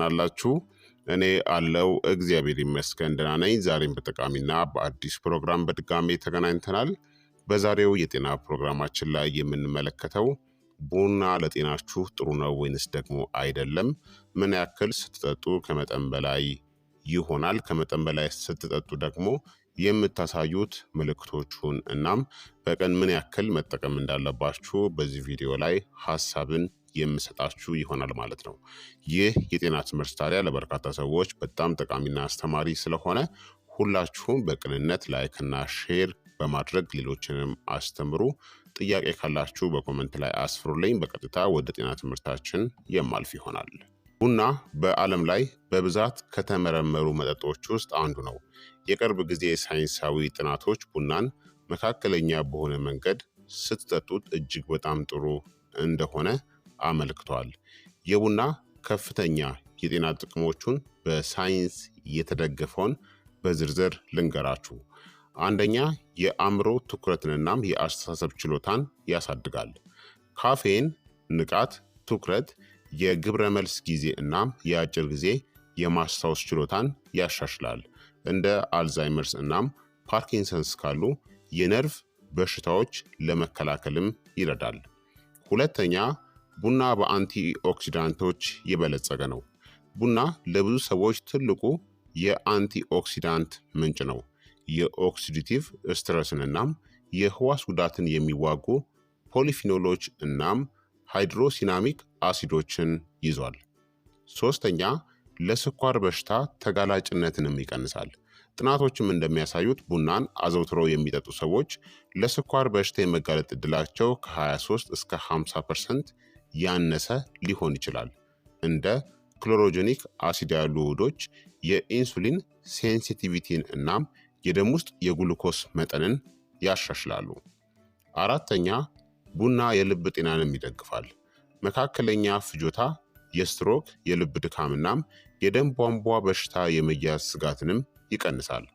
ናላችሁ እኔ አለው እግዚአብሔር ይመስገን ደህና ነኝ። ዛሬም በጠቃሚና በአዲስ ፕሮግራም በድጋሜ ተገናኝተናል። በዛሬው የጤና ፕሮግራማችን ላይ የምንመለከተው ቡና ለጤናችሁ ጥሩ ነው ወይንስ ደግሞ አይደለም? ምን ያክል ስትጠጡ ከመጠን በላይ ይሆናል? ከመጠን በላይ ስትጠጡ ደግሞ የምታሳዩት ምልክቶቹን እናም በቀን ምን ያክል መጠቀም እንዳለባችሁ በዚህ ቪዲዮ ላይ ሀሳብን የምሰጣችሁ ይሆናል ማለት ነው። ይህ የጤና ትምህርት ታዲያ ለበርካታ ሰዎች በጣም ጠቃሚና አስተማሪ ስለሆነ ሁላችሁም በቅንነት ላይክና ሼር በማድረግ ሌሎችንም አስተምሩ። ጥያቄ ካላችሁ በኮመንት ላይ አስፍሩልኝ። በቀጥታ ወደ ጤና ትምህርታችን የማልፍ ይሆናል። ቡና በዓለም ላይ በብዛት ከተመረመሩ መጠጦች ውስጥ አንዱ ነው። የቅርብ ጊዜ ሳይንሳዊ ጥናቶች ቡናን መካከለኛ በሆነ መንገድ ስትጠጡት እጅግ በጣም ጥሩ እንደሆነ አመልክቷል። የቡና ከፍተኛ የጤና ጥቅሞቹን በሳይንስ የተደገፈውን በዝርዝር ልንገራችሁ። አንደኛ የአእምሮ ትኩረትንናም የአስተሳሰብ ችሎታን ያሳድጋል። ካፌን ንቃት፣ ትኩረት፣ የግብረ መልስ ጊዜ እናም የአጭር ጊዜ የማስታወስ ችሎታን ያሻሽላል። እንደ አልዛይመርስ እናም ፓርኪንሰንስ ካሉ የነርቭ በሽታዎች ለመከላከልም ይረዳል። ሁለተኛ ቡና በአንቲ ኦክሲዳንቶች የበለጸገ ነው። ቡና ለብዙ ሰዎች ትልቁ የአንቲ ኦክሲዳንት ምንጭ ነው። የኦክሲዲቲቭ ስትረስን እናም የህዋስ ጉዳትን የሚዋጉ ፖሊፊኖሎች እናም ሃይድሮሲናሚክ አሲዶችን ይዟል። ሶስተኛ ለስኳር በሽታ ተጋላጭነትንም ይቀንሳል። ጥናቶችም እንደሚያሳዩት ቡናን አዘውትሮ የሚጠጡ ሰዎች ለስኳር በሽታ የመጋለጥ እድላቸው ከ23 እስከ 50 ፐርሰንት ያነሰ ሊሆን ይችላል። እንደ ክሎሮጀኒክ አሲድ ያሉ ውህዶች የኢንሱሊን ሴንሲቲቪቲን እናም የደም ውስጥ የግሉኮስ መጠንን ያሻሽላሉ። አራተኛ ቡና የልብ ጤናንም ይደግፋል። መካከለኛ ፍጆታ የስትሮክ የልብ እናም የደም ቧንቧ በሽታ የመያዝ ስጋትንም ይቀንሳል።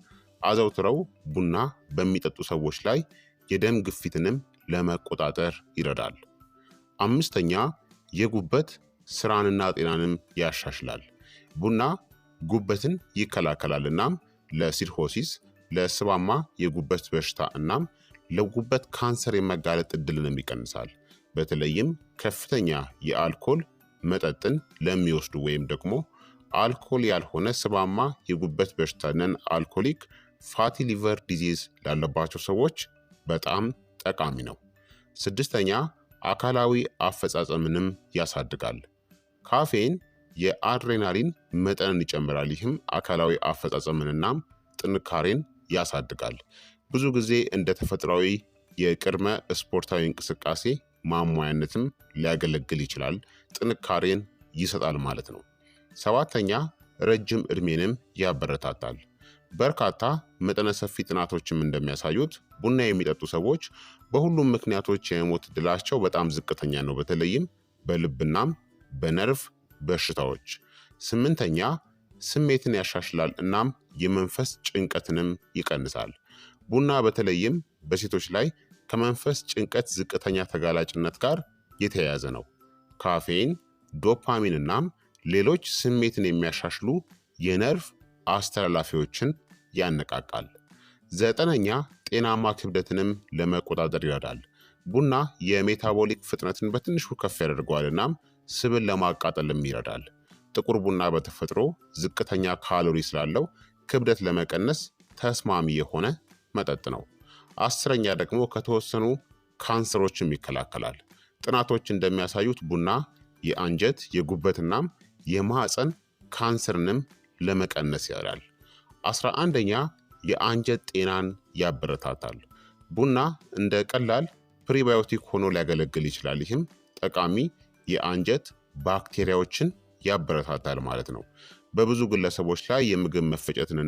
አዘውትረው ቡና በሚጠጡ ሰዎች ላይ የደም ግፊትንም ለመቆጣጠር ይረዳል። አምስተኛ የጉበት ስራንና ጤናንም ያሻሽላል። ቡና ጉበትን ይከላከላል እናም ለሲርሆሲስ ለስባማ የጉበት በሽታ እናም ለጉበት ካንሰር የመጋለጥ እድልንም ይቀንሳል። በተለይም ከፍተኛ የአልኮል መጠጥን ለሚወስዱ ወይም ደግሞ አልኮል ያልሆነ ስባማ የጉበት በሽታ ነን አልኮሊክ ፋቲ ሊቨር ዲዚዝ ላለባቸው ሰዎች በጣም ጠቃሚ ነው። ስድስተኛ አካላዊ አፈጻጸምንም ያሳድጋል። ካፌን የአድሬናሊን መጠንን ይጨምራል። ይህም አካላዊ አፈጻጸምንና ጥንካሬን ያሳድጋል። ብዙ ጊዜ እንደ ተፈጥሯዊ የቅድመ ስፖርታዊ እንቅስቃሴ ማሟያነትም ሊያገለግል ይችላል። ጥንካሬን ይሰጣል ማለት ነው። ሰባተኛ ረጅም ዕድሜንም ያበረታታል። በርካታ መጠነ ሰፊ ጥናቶችም እንደሚያሳዩት ቡና የሚጠጡ ሰዎች በሁሉም ምክንያቶች የሞት ዕድላቸው በጣም ዝቅተኛ ነው፣ በተለይም በልብናም በነርቭ በሽታዎች። ስምንተኛ ስሜትን ያሻሽላል እናም የመንፈስ ጭንቀትንም ይቀንሳል። ቡና በተለይም በሴቶች ላይ ከመንፈስ ጭንቀት ዝቅተኛ ተጋላጭነት ጋር የተያያዘ ነው። ካፌን፣ ዶፓሚን እናም ሌሎች ስሜትን የሚያሻሽሉ የነርቭ አስተላላፊዎችን ያነቃቃል። ዘጠነኛ ጤናማ ክብደትንም ለመቆጣጠር ይረዳል። ቡና የሜታቦሊክ ፍጥነትን በትንሹ ከፍ ያደርገዋል እናም ስብን ለማቃጠልም ይረዳል። ጥቁር ቡና በተፈጥሮ ዝቅተኛ ካሎሪ ስላለው ክብደት ለመቀነስ ተስማሚ የሆነ መጠጥ ነው። አስረኛ ደግሞ ከተወሰኑ ካንሰሮችም ይከላከላል። ጥናቶች እንደሚያሳዩት ቡና የአንጀት የጉበትናም የማዕፀን ካንሰርንም ለመቀነስ ይረዳል። አስራ አንደኛ የአንጀት ጤናን ያበረታታል። ቡና እንደ ቀላል ፕሪባዮቲክ ሆኖ ሊያገለግል ይችላል። ይህም ጠቃሚ የአንጀት ባክቴሪያዎችን ያበረታታል ማለት ነው። በብዙ ግለሰቦች ላይ የምግብ መፈጨትን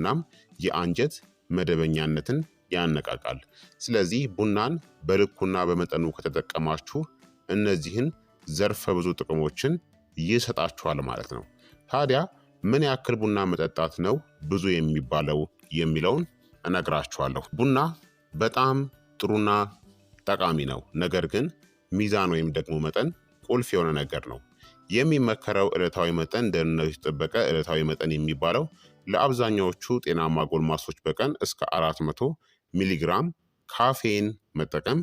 የአንጀት መደበኛነትን ያነቃቃል። ስለዚህ ቡናን በልኩና በመጠኑ ከተጠቀማችሁ እነዚህን ዘርፈ ብዙ ጥቅሞችን ይሰጣችኋል ማለት ነው። ታዲያ ምን ያክል ቡና መጠጣት ነው ብዙ የሚባለው የሚለውን እነግራችኋለሁ። ቡና በጣም ጥሩና ጠቃሚ ነው። ነገር ግን ሚዛን ወይም ደግሞ መጠን ቁልፍ የሆነ ነገር ነው። የሚመከረው ዕለታዊ መጠን ደህንነቱ የተጠበቀ ዕለታዊ መጠን የሚባለው ለአብዛኛዎቹ ጤናማ ጎልማሶች በቀን እስከ 400 ሚሊግራም ካፌን መጠቀም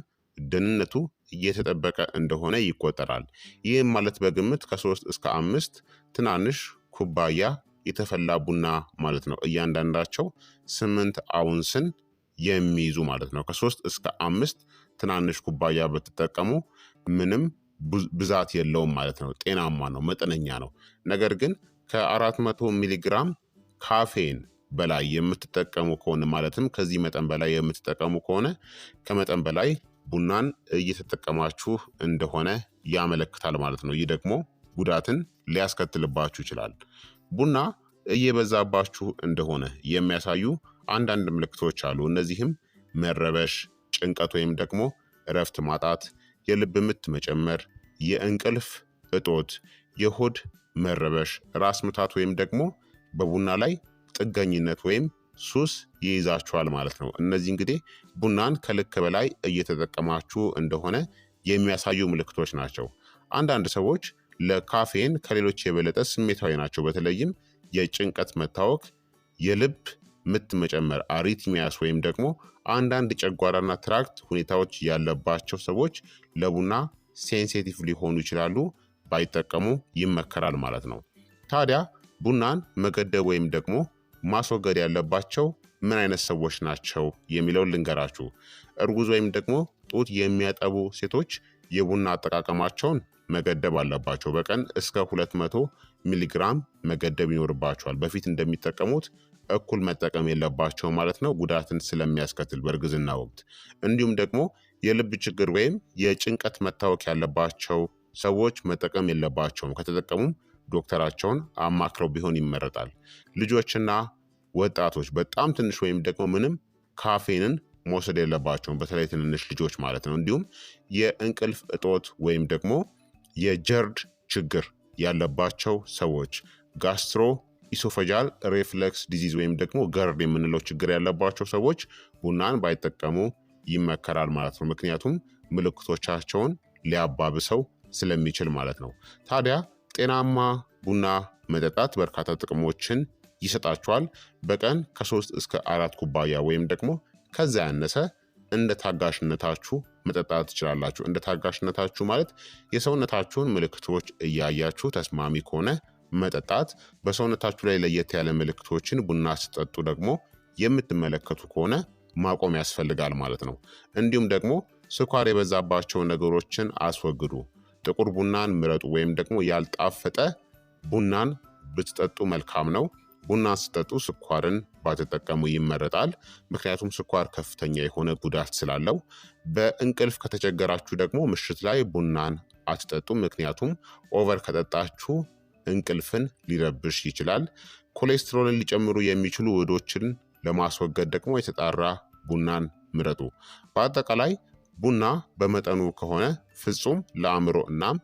ደህንነቱ እየተጠበቀ እንደሆነ ይቆጠራል። ይህም ማለት በግምት ከ3 እስከ አምስት ትናንሽ ኩባያ የተፈላ ቡና ማለት ነው። እያንዳንዳቸው ስምንት አውንስን የሚይዙ ማለት ነው። ከሶስት እስከ አምስት ትናንሽ ኩባያ ብትጠቀሙ ምንም ብዛት የለውም ማለት ነው። ጤናማ ነው፣ መጠነኛ ነው። ነገር ግን ከ400 ሚሊግራም ካፌን በላይ የምትጠቀሙ ከሆነ ማለትም ከዚህ መጠን በላይ የምትጠቀሙ ከሆነ ከመጠን በላይ ቡናን እየተጠቀማችሁ እንደሆነ ያመለክታል ማለት ነው። ይህ ደግሞ ጉዳትን ሊያስከትልባችሁ ይችላል። ቡና እየበዛባችሁ እንደሆነ የሚያሳዩ አንዳንድ ምልክቶች አሉ። እነዚህም መረበሽ፣ ጭንቀት ወይም ደግሞ እረፍት ማጣት፣ የልብ ምት መጨመር፣ የእንቅልፍ እጦት፣ የሆድ መረበሽ፣ ራስ ምታት ወይም ደግሞ በቡና ላይ ጥገኝነት ወይም ሱስ ይይዛችኋል ማለት ነው። እነዚህ እንግዲህ ቡናን ከልክ በላይ እየተጠቀማችሁ እንደሆነ የሚያሳዩ ምልክቶች ናቸው። አንዳንድ ሰዎች ለካፌን ከሌሎች የበለጠ ስሜታዊ ናቸው። በተለይም የጭንቀት መታወክ፣ የልብ ምት መጨመር አሪትሚያስ ወይም ደግሞ አንዳንድ ጨጓራና ትራክት ሁኔታዎች ያለባቸው ሰዎች ለቡና ሴንሴቲቭ ሊሆኑ ይችላሉ። ባይጠቀሙ ይመከራል ማለት ነው። ታዲያ ቡናን መገደብ ወይም ደግሞ ማስወገድ ያለባቸው ምን አይነት ሰዎች ናቸው የሚለው ልንገራችሁ። እርጉዝ ወይም ደግሞ ጡት የሚያጠቡ ሴቶች የቡና አጠቃቀማቸውን መገደብ አለባቸው። በቀን እስከ 200 ሚሊግራም መገደብ ይኖርባቸዋል። በፊት እንደሚጠቀሙት እኩል መጠቀም የለባቸው ማለት ነው፣ ጉዳትን ስለሚያስከትል በእርግዝና ወቅት። እንዲሁም ደግሞ የልብ ችግር ወይም የጭንቀት መታወክ ያለባቸው ሰዎች መጠቀም የለባቸውም። ከተጠቀሙም ዶክተራቸውን አማክረው ቢሆን ይመረጣል። ልጆችና ወጣቶች በጣም ትንሽ ወይም ደግሞ ምንም ካፌንን መውሰድ የለባቸውም። በተለይ ትንንሽ ልጆች ማለት ነው። እንዲሁም የእንቅልፍ እጦት ወይም ደግሞ የጀርድ ችግር ያለባቸው ሰዎች ጋስትሮ ኢሶፈጃል ሬፍሌክስ ዲዚዝ ወይም ደግሞ ገርድ የምንለው ችግር ያለባቸው ሰዎች ቡናን ባይጠቀሙ ይመከራል ማለት ነው። ምክንያቱም ምልክቶቻቸውን ሊያባብሰው ስለሚችል ማለት ነው። ታዲያ ጤናማ ቡና መጠጣት በርካታ ጥቅሞችን ይሰጣቸዋል። በቀን ከሶስት እስከ አራት ኩባያ ወይም ደግሞ ከዛ ያነሰ እንደ ታጋሽነታችሁ መጠጣት ትችላላችሁ። እንደ ታጋሽነታችሁ ማለት የሰውነታችሁን ምልክቶች እያያችሁ ተስማሚ ከሆነ መጠጣት፣ በሰውነታችሁ ላይ ለየት ያለ ምልክቶችን ቡና ስጠጡ ደግሞ የምትመለከቱ ከሆነ ማቆም ያስፈልጋል ማለት ነው። እንዲሁም ደግሞ ስኳር የበዛባቸው ነገሮችን አስወግዱ። ጥቁር ቡናን ምረጡ፣ ወይም ደግሞ ያልጣፈጠ ቡናን ብትጠጡ መልካም ነው። ቡናን ስጠጡ ስኳርን ባትጠቀሙ ይመረጣል። ምክንያቱም ስኳር ከፍተኛ የሆነ ጉዳት ስላለው። በእንቅልፍ ከተቸገራችሁ ደግሞ ምሽት ላይ ቡናን አትጠጡም፣ ምክንያቱም ኦቨር ከጠጣችሁ እንቅልፍን ሊረብሽ ይችላል። ኮሌስትሮልን ሊጨምሩ የሚችሉ ውህዶችን ለማስወገድ ደግሞ የተጣራ ቡናን ምረጡ። በአጠቃላይ ቡና በመጠኑ ከሆነ ፍጹም ለአእምሮ እናም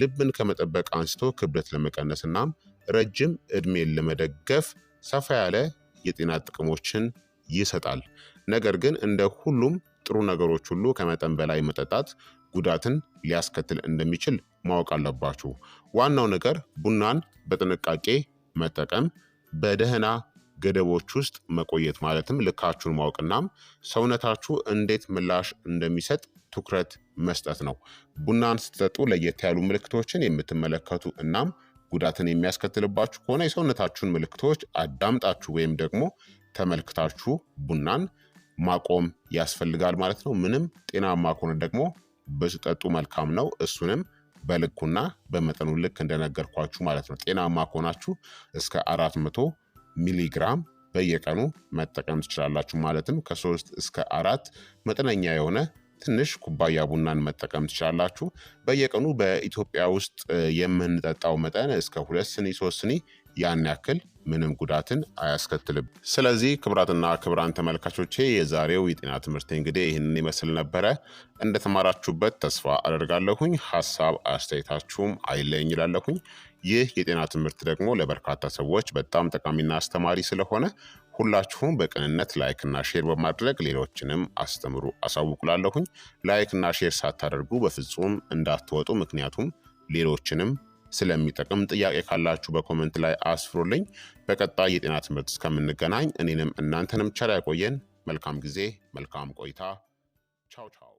ልብን ከመጠበቅ አንስቶ ክብደት ለመቀነስ እናም ረጅም እድሜን ለመደገፍ ሰፋ ያለ የጤና ጥቅሞችን ይሰጣል። ነገር ግን እንደ ሁሉም ጥሩ ነገሮች ሁሉ ከመጠን በላይ መጠጣት ጉዳትን ሊያስከትል እንደሚችል ማወቅ አለባችሁ። ዋናው ነገር ቡናን በጥንቃቄ መጠቀም፣ በደህና ገደቦች ውስጥ መቆየት ማለትም ልካችሁን ማወቅናም ሰውነታችሁ እንዴት ምላሽ እንደሚሰጥ ትኩረት መስጠት ነው። ቡናን ስትጠጡ ለየት ያሉ ምልክቶችን የምትመለከቱ እናም ጉዳትን የሚያስከትልባችሁ ከሆነ የሰውነታችሁን ምልክቶች አዳምጣችሁ ወይም ደግሞ ተመልክታችሁ ቡናን ማቆም ያስፈልጋል ማለት ነው። ምንም ጤናማ ከሆነ ደግሞ ብትጠጡ መልካም ነው። እሱንም በልኩና በመጠኑ ልክ እንደነገርኳችሁ ማለት ነው። ጤናማ ከሆናችሁ እስከ አራት መቶ ሚሊግራም በየቀኑ መጠቀም ትችላላችሁ። ማለትም ከሶስት እስከ አራት መጠነኛ የሆነ ትንሽ ኩባያ ቡናን መጠቀም ትችላላችሁ። በየቀኑ በኢትዮጵያ ውስጥ የምንጠጣው መጠን እስከ ሁለት ስኒ ሶስት ስኒ ያን ያክል ምንም ጉዳትን አያስከትልም። ስለዚህ ክቡራትና ክቡራን ተመልካቾቼ የዛሬው የጤና ትምህርት እንግዲህ ይህንን ይመስል ነበረ። እንደተማራችሁበት ተስፋ አደርጋለሁኝ። ሀሳብ አስተያየታችሁም አይለኝ ይላለሁኝ። ይህ የጤና ትምህርት ደግሞ ለበርካታ ሰዎች በጣም ጠቃሚና አስተማሪ ስለሆነ ሁላችሁም በቅንነት ላይክና ሼር በማድረግ ሌሎችንም አስተምሩ አሳውቁላለሁኝ። ላይክና ሼር ሳታደርጉ በፍጹም እንዳትወጡ፣ ምክንያቱም ሌሎችንም ስለሚጠቅም። ጥያቄ ካላችሁ በኮመንት ላይ አስፍሩልኝ። በቀጣይ የጤና ትምህርት እስከምንገናኝ እኔንም እናንተንም ቸር ያቆየን። መልካም ጊዜ፣ መልካም ቆይታ። ቻው ቻው።